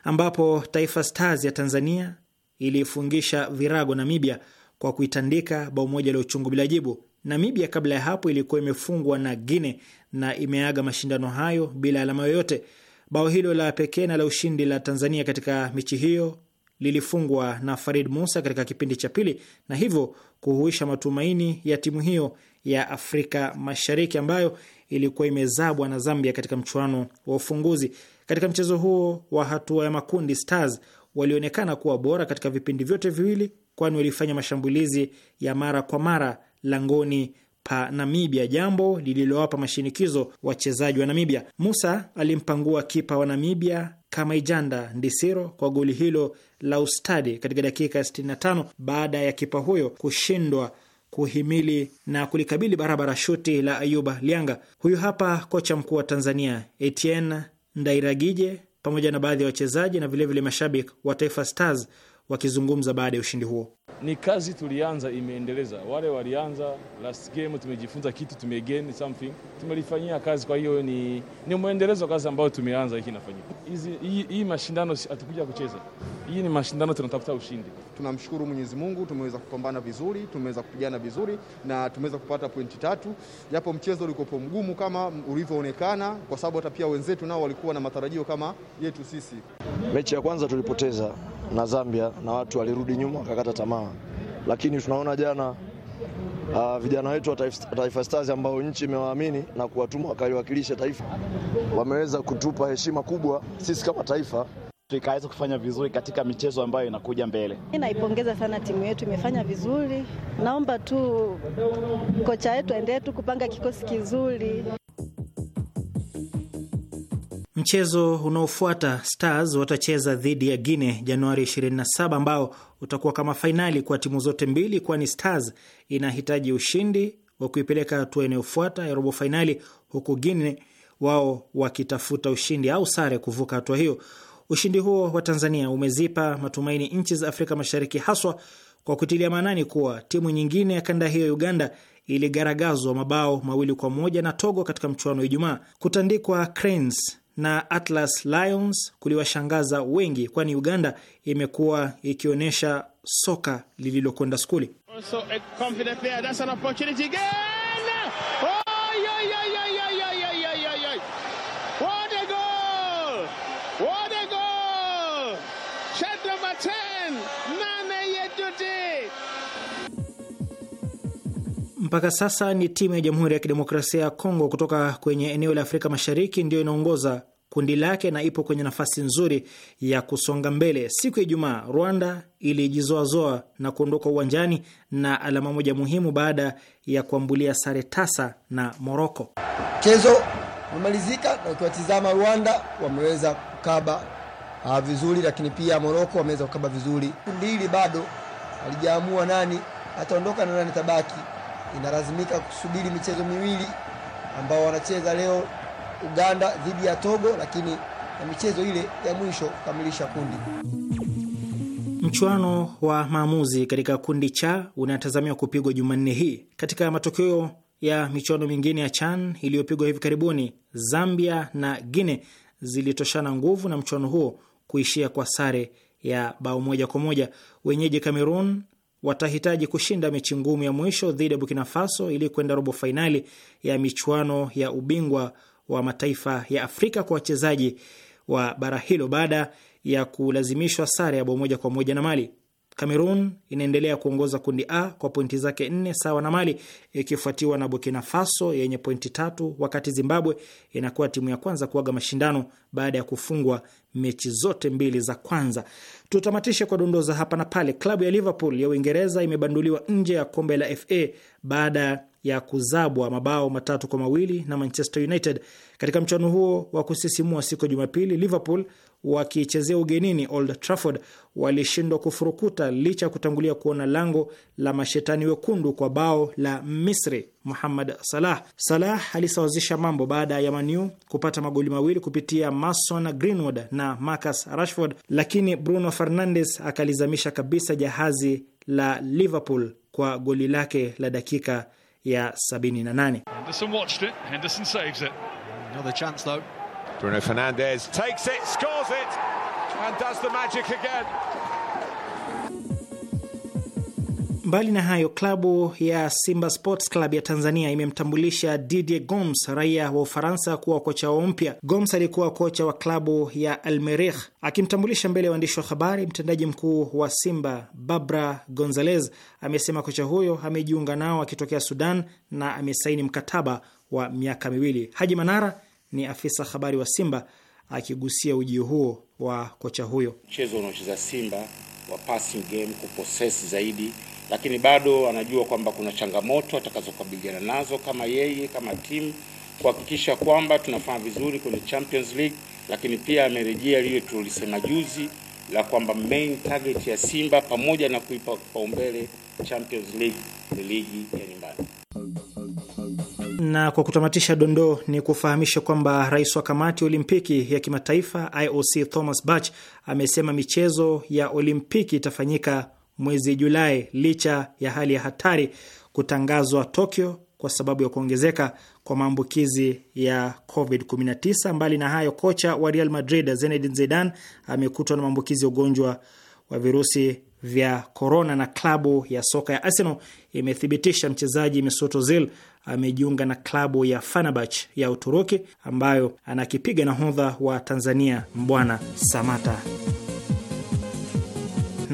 [SPEAKER 1] ambapo Taifa Stars ya Tanzania ilifungisha virago Namibia kwa kuitandika bao moja la uchungu bila jibu. Namibia kabla ya hapo ilikuwa imefungwa na Guinea na imeaga mashindano hayo bila alama yoyote. Bao hilo la pekee na la ushindi la Tanzania katika michi hiyo lilifungwa na Farid Musa katika kipindi cha pili na hivyo kuhuisha matumaini ya timu hiyo ya Afrika Mashariki ambayo ilikuwa imezabwa na Zambia katika mchuano wa ufunguzi. Katika mchezo huo wa hatua ya makundi, Stars walionekana kuwa bora katika vipindi vyote viwili, kwani walifanya mashambulizi ya mara kwa mara langoni pa Namibia, jambo lililowapa mashinikizo wachezaji wa Namibia. Musa alimpangua kipa wa Namibia kama ijanda Ndisiro kwa goli hilo la ustadi katika dakika ya 65 baada ya kipa huyo kushindwa kuhimili na kulikabili barabara shuti la Ayuba Lianga. Huyu hapa kocha mkuu wa Tanzania Etienne Ndairagije pamoja na baadhi ya wachezaji na vilevile mashabiki wa Taifa Stars wakizungumza baada ya ushindi huo.
[SPEAKER 2] Ni kazi tulianza, imeendeleza wale walianza last game. Tumejifunza kitu, tumegain something, tumelifanyia kazi. Kwa hiyo ni, ni mwendelezo wa kazi ambayo tumeanza, hiki inafanyika. Hii, hii mashindano hatukuja kucheza, hii ni mashindano, tunatafuta ushindi. Tunamshukuru Mwenyezi Mungu, tumeweza kupambana vizuri, tumeweza kupigana vizuri na tumeweza kupata pointi tatu, japo mchezo ulikopo mgumu kama ulivyoonekana, kwa sababu hata pia wenzetu nao walikuwa na matarajio kama yetu sisi.
[SPEAKER 5] Mechi ya kwanza tulipoteza na Zambia na watu walirudi nyuma wakakata tamaa tamaa, lakini tunaona jana Uh, vijana wetu wa Taifa Stars ambao nchi imewaamini na kuwatuma wakaliwakilisha taifa wameweza kutupa heshima
[SPEAKER 1] kubwa sisi kama taifa ikaweza kufanya vizuri katika michezo ambayo inakuja mbele. Naipongeza sana timu yetu, imefanya vizuri. Naomba tu kocha wetu aendelee tu kupanga kikosi kizuri. Mchezo unaofuata Stars watacheza dhidi ya Guinea Januari 27 ambao utakuwa kama fainali kwa timu zote mbili, kwani Stars inahitaji ushindi wa kuipeleka hatua inayofuata ya robo fainali, huku guine wao wakitafuta ushindi au sare kuvuka hatua hiyo. Ushindi huo wa Tanzania umezipa matumaini nchi za Afrika Mashariki, haswa kwa kutilia maanani kuwa timu nyingine ya kanda hiyo, Uganda, iligaragazwa mabao mawili kwa moja na Togo katika mchuano wa Ijumaa. Kutandikwa Cranes na Atlas Lions kuliwashangaza wengi, kwani Uganda imekuwa ikionyesha soka lililokwenda skuli. Mpaka sasa ni timu ya Jamhuri ya Kidemokrasia ya Kongo kutoka kwenye eneo la Afrika Mashariki ndiyo inaongoza kundi lake na ipo kwenye nafasi nzuri ya kusonga mbele. Siku ya Ijumaa, Rwanda ilijizoazoa na kuondoka uwanjani na alama moja muhimu baada ya kuambulia sare tasa na Moroko. Mchezo umemalizika na ukiwatizama, Rwanda wameweza kukaba ah, vizuri, lakini pia Moroko wameweza kukaba vizuri. Kundi hili bado halijaamua nani ataondoka na nani tabaki inalazimika kusubiri
[SPEAKER 5] michezo miwili ambao wanacheza leo Uganda dhidi ya Togo, lakini na michezo ile ya mwisho kukamilisha kundi.
[SPEAKER 1] Mchuano wa maamuzi katika kundi cha unatazamiwa kupigwa Jumanne hii. Katika matokeo ya michuano mingine ya CHAN iliyopigwa hivi karibuni, Zambia na Guine zilitoshana nguvu na mchuano huo kuishia kwa sare ya bao moja kwa moja. Wenyeji Cameroon watahitaji kushinda mechi ngumu ya mwisho dhidi ya Burkina Faso ili kwenda robo fainali ya michuano ya ubingwa wa mataifa ya Afrika kwa wachezaji wa bara hilo baada ya kulazimishwa sare ya bao moja kwa moja na Mali. Cameroon inaendelea kuongoza kundi A kwa pointi zake nne sawa na Mali, ikifuatiwa na Burkina Faso yenye pointi tatu, wakati Zimbabwe inakuwa timu ya kwanza kuaga mashindano baada ya kufungwa mechi zote mbili za kwanza. Tutamatishe kwa dondoza hapa na pale. Klabu ya Liverpool ya Uingereza imebanduliwa nje ya kombe la FA baada ya kuzabwa mabao matatu kwa mawili na Manchester United katika mchuano huo wa kusisimua siku ya Jumapili. Liverpool wakichezea ugenini Old Trafford walishindwa kufurukuta licha ya kutangulia kuona lango la mashetani wekundu kwa bao la Misri Muhammad Salah. Salah alisawazisha mambo baada ya Manu kupata magoli mawili kupitia Mason Greenwood na Marcus Rashford, lakini Bruno Fernandes akalizamisha kabisa jahazi la Liverpool kwa goli lake la dakika Yeah, ya Nanani.
[SPEAKER 5] Henderson watched it. Henderson saves it. Another chance though.
[SPEAKER 4] Bruno Fernandez
[SPEAKER 5] takes it, scores it, and does the magic again.
[SPEAKER 1] Mbali na hayo, klabu ya Simba Sports Club ya Tanzania imemtambulisha Didier Gomes, raia wa Ufaransa, kuwa kocha wao mpya. Gomes alikuwa kocha wa klabu ya Almerih. Akimtambulisha mbele ya waandishi wa habari, mtendaji mkuu wa Simba Babra Gonzalez amesema kocha huyo amejiunga nao akitokea Sudan na amesaini mkataba wa miaka miwili. Haji Manara ni afisa habari wa Simba akigusia ujio huo wa kocha huyo.
[SPEAKER 2] Mchezo unaocheza Simba wa passing game, kuposesi zaidi lakini bado anajua kwamba kuna changamoto atakazokabiliana nazo kama yeye kama timu kuhakikisha kwamba tunafanya vizuri kwenye Champions League, lakini pia amerejea lile tulisema juzi la kwamba main target ya Simba pamoja na kuipa kipaumbele Champions League ni ligi ya nyumbani.
[SPEAKER 1] Na kwa kutamatisha dondoo ni kufahamisha kwamba rais wa kamati ya Olimpiki ya kimataifa IOC Thomas Bach amesema michezo ya Olimpiki itafanyika mwezi Julai licha ya hali ya hatari kutangazwa Tokyo kwa sababu ya kuongezeka kwa maambukizi ya COVID-19. Mbali na hayo, kocha wa Real Madrid Zinedine Zidane amekutwa na maambukizi ya ugonjwa wa virusi vya korona, na klabu ya soka ya Arsenal imethibitisha mchezaji Mesut Ozil amejiunga na klabu ya Fenerbahce ya Uturuki ambayo anakipiga nahodha wa Tanzania Mbwana Samata.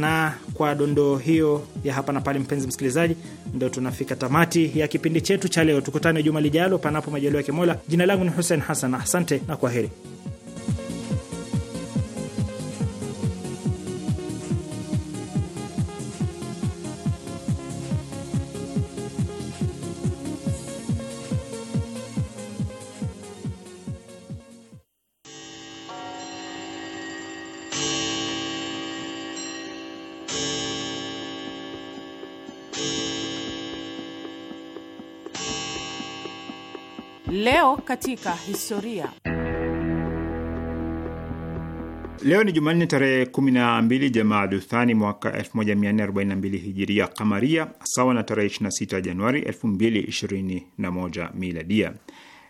[SPEAKER 1] Na kwa dondoo hiyo ya hapa na pale, mpenzi msikilizaji, ndio tunafika tamati ya kipindi chetu cha leo. Tukutane juma lijalo, panapo majaliwa ya Mola. Jina langu ni Hussein Hassan, asante na kwa heri.
[SPEAKER 5] Leo katika historia.
[SPEAKER 4] Leo ni Jumanne tarehe 12 Jamaaduthani mwaka 1442 hijiria kamaria, sawa na tarehe 26 Januari 2021 miladia.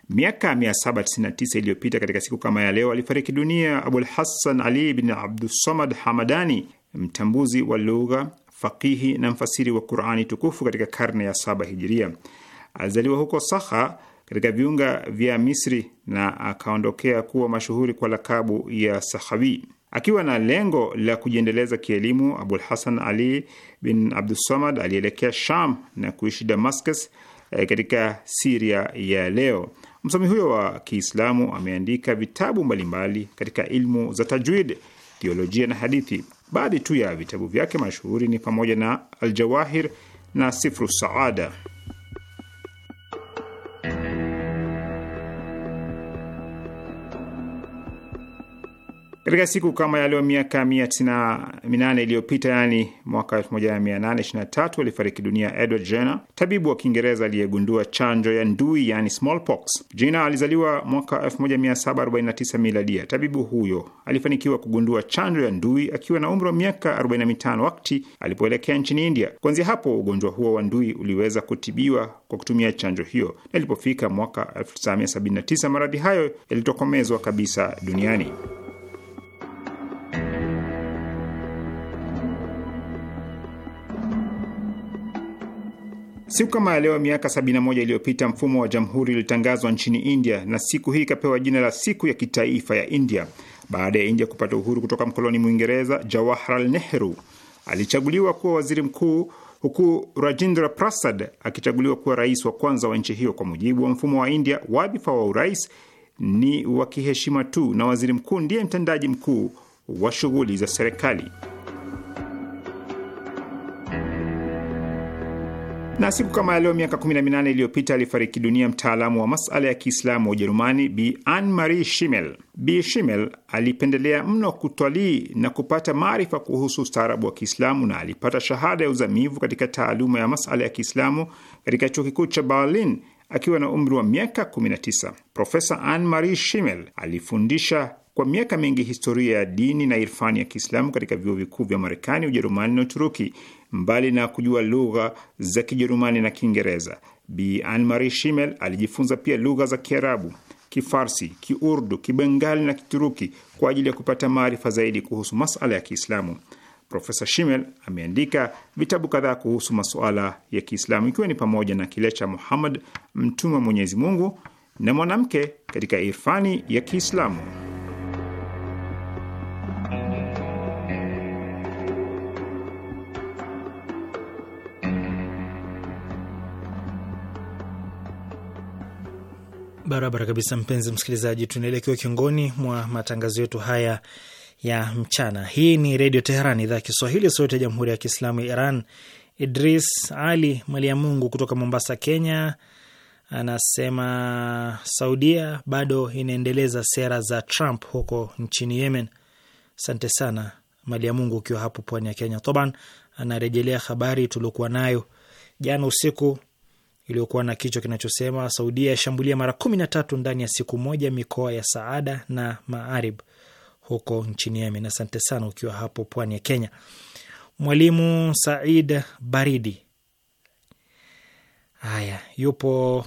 [SPEAKER 4] Miaka 799 iliyopita katika siku kama ya leo alifariki dunia Abul Hassan Ali bin Abdussamad Hamadani, mtambuzi wa lugha, fakihi na mfasiri wa Qurani tukufu katika karne ya saba hijiria. Alizaliwa huko Sakha katika viunga vya Misri na akaondokea kuwa mashuhuri kwa lakabu ya Sahawi. Akiwa na lengo la kujiendeleza kielimu, Abul Hasan Ali bin Abdussamad alielekea Sham na kuishi Damascus eh, katika Siria ya leo. Msomi huyo wa Kiislamu ameandika vitabu mbalimbali katika ilmu za tajwid, teolojia na hadithi. Baadhi tu ya vitabu vyake mashuhuri ni pamoja na Aljawahir na Sifru Saada. Katika siku kama ya leo miaka 198 iliyopita, yaani mwaka tatu alifariki dunia Edward Jenner, tabibu wa Kiingereza aliyegundua chanjo ya ndui, yaani smallpox. Jenner alizaliwa mwaka tisa miladia. Tabibu huyo alifanikiwa kugundua chanjo ya ndui akiwa na umri wa miaka mitano wakati alipoelekea nchini India. Kuanzia hapo ugonjwa huo wa ndui uliweza kutibiwa kwa kutumia chanjo hiyo, na ilipofika mwaka tisa maradhi hayo yalitokomezwa kabisa duniani. Siku kama ya leo miaka 71 iliyopita mfumo wa jamhuri ulitangazwa nchini India na siku hii ikapewa jina la siku ya kitaifa ya India baada ya India kupata uhuru kutoka mkoloni Mwingereza. Jawaharlal Nehru alichaguliwa kuwa waziri mkuu huku Rajendra Prasad akichaguliwa kuwa rais wa kwanza wa nchi hiyo. Kwa mujibu wa mfumo wa India, wadhifa wa urais ni wa kiheshima tu na waziri mkuu ndiye mtendaji mkuu wa shughuli za serikali. Na siku kama ya leo miaka 18 iliyopita alifariki dunia mtaalamu wa masala ya Kiislamu wa Ujerumani Bi Anne Marie Schimmel. Bi Schimmel alipendelea mno kutwalii na kupata maarifa kuhusu ustaarabu wa Kiislamu na alipata shahada ya uzamivu katika taaluma ya masala ya Kiislamu katika chuo kikuu cha Berlin akiwa na umri wa miaka 19. Profesa Anne Marie Schimmel alifundisha kwa miaka mingi historia ya dini na irfani ya Kiislamu katika vyuo vikuu vya Marekani, Ujerumani na Uturuki, mbali na kujua lugha za Kijerumani na Kiingereza, Bi Anne-Marie Shimel alijifunza pia lugha za Kiarabu, Kifarsi, Kiurdu, Kibengali na Kituruki kwa ajili ya kupata maarifa zaidi kuhusu masala ya Kiislamu. Profesa Shimel ameandika vitabu kadhaa kuhusu masuala ya Kiislamu, ikiwa ni pamoja na kile cha Muhammad mtume wa Mwenyezi Mungu na mwanamke katika irfani ya Kiislamu.
[SPEAKER 1] Barabara kabisa, mpenzi msikilizaji, tunaelekea ukingoni mwa matangazo yetu haya ya mchana. Hii ni Redio Teheran, idhaa ya Kiswahili, sauti ya Jamhuri ya Kiislamu ya Iran. Idris Ali mungu kutoka Mombasa, Kenya, anasema Saudia bado inaendeleza sera za Trump huko nchini Yemen. Asante sana Mungu, ukiwa hapo pwani ya Kenya. Toban anarejelea habari tuliokuwa nayo jana usiku iliyokuwa na kichwa kinachosema Saudia yashambulia mara kumi na tatu ndani ya siku moja mikoa ya Saada na Maarib huko nchini Yemen. Asante sana ukiwa hapo pwani ya Kenya. Mwalimu Said Baridi haya yupo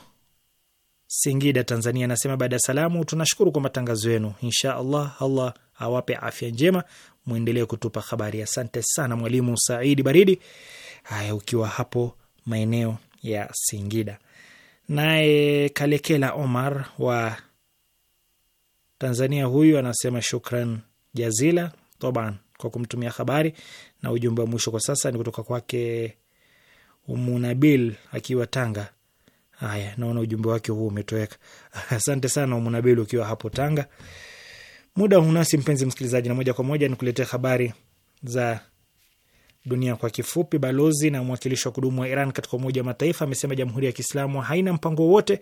[SPEAKER 1] Singida, Tanzania, anasema baada ya salamu, tunashukuru kwa matangazo yenu. Insha Allah, Allah awape afya njema, mwendelee kutupa habari. Asante sana mwalimu Saidi Baridi. Haya, ukiwa hapo maeneo ya Singida. Naye Kalekela Omar wa Tanzania, huyu anasema shukran jazila toban kwa kumtumia habari na ujumbe wa mwisho. Kwa sasa ni kutoka kwake Umunabil akiwa Tanga. Haya, naona ujumbe wake huu umetoweka. Asante sana Umunabil ukiwa hapo Tanga. Muda hunasi mpenzi msikilizaji, na moja kwa moja nikuletea habari za dunia kwa kifupi. Balozi na mwakilishi wa kudumu wa Iran katika Umoja wa Mataifa amesema Jamhuri ya Kiislamu haina mpango wowote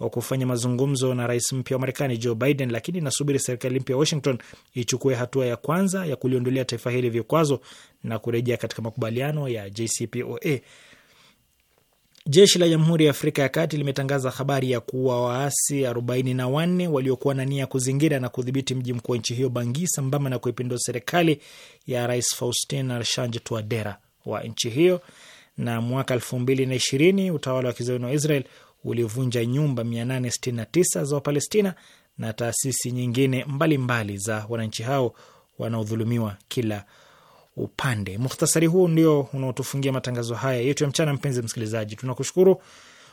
[SPEAKER 1] wa kufanya mazungumzo na rais mpya wa Marekani Joe Biden, lakini inasubiri serikali mpya ya Washington ichukue hatua ya kwanza ya kuliondolea taifa hili vikwazo na kurejea katika makubaliano ya JCPOA. Jeshi la Jamhuri ya Afrika ya Kati limetangaza habari ya kuwa waasi 44 waliokuwa na nia kuzingira na kudhibiti mji mkuu wa nchi hiyo Bangi, sambamba na kuipindua serikali ya Rais Faustin Archange Touadera wa nchi hiyo. Na mwaka 2020 utawala wa kizayuni wa Israel ulivunja nyumba 869 za Wapalestina na taasisi nyingine mbalimbali mbali za wananchi hao wanaodhulumiwa kila upande. Mukhtasari huu ndio unaotufungia matangazo haya yetu ya mchana. Mpenzi msikilizaji, tunakushukuru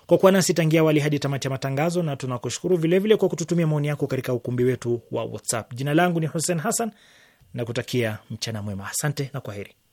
[SPEAKER 1] kwa kuwa nasi tangia awali hadi tamati ya matangazo, na tunakushukuru vilevile kwa kututumia maoni yako katika ukumbi wetu wa WhatsApp. Jina langu ni Hussein Hassan na kutakia mchana mwema. Asante na kwaheri.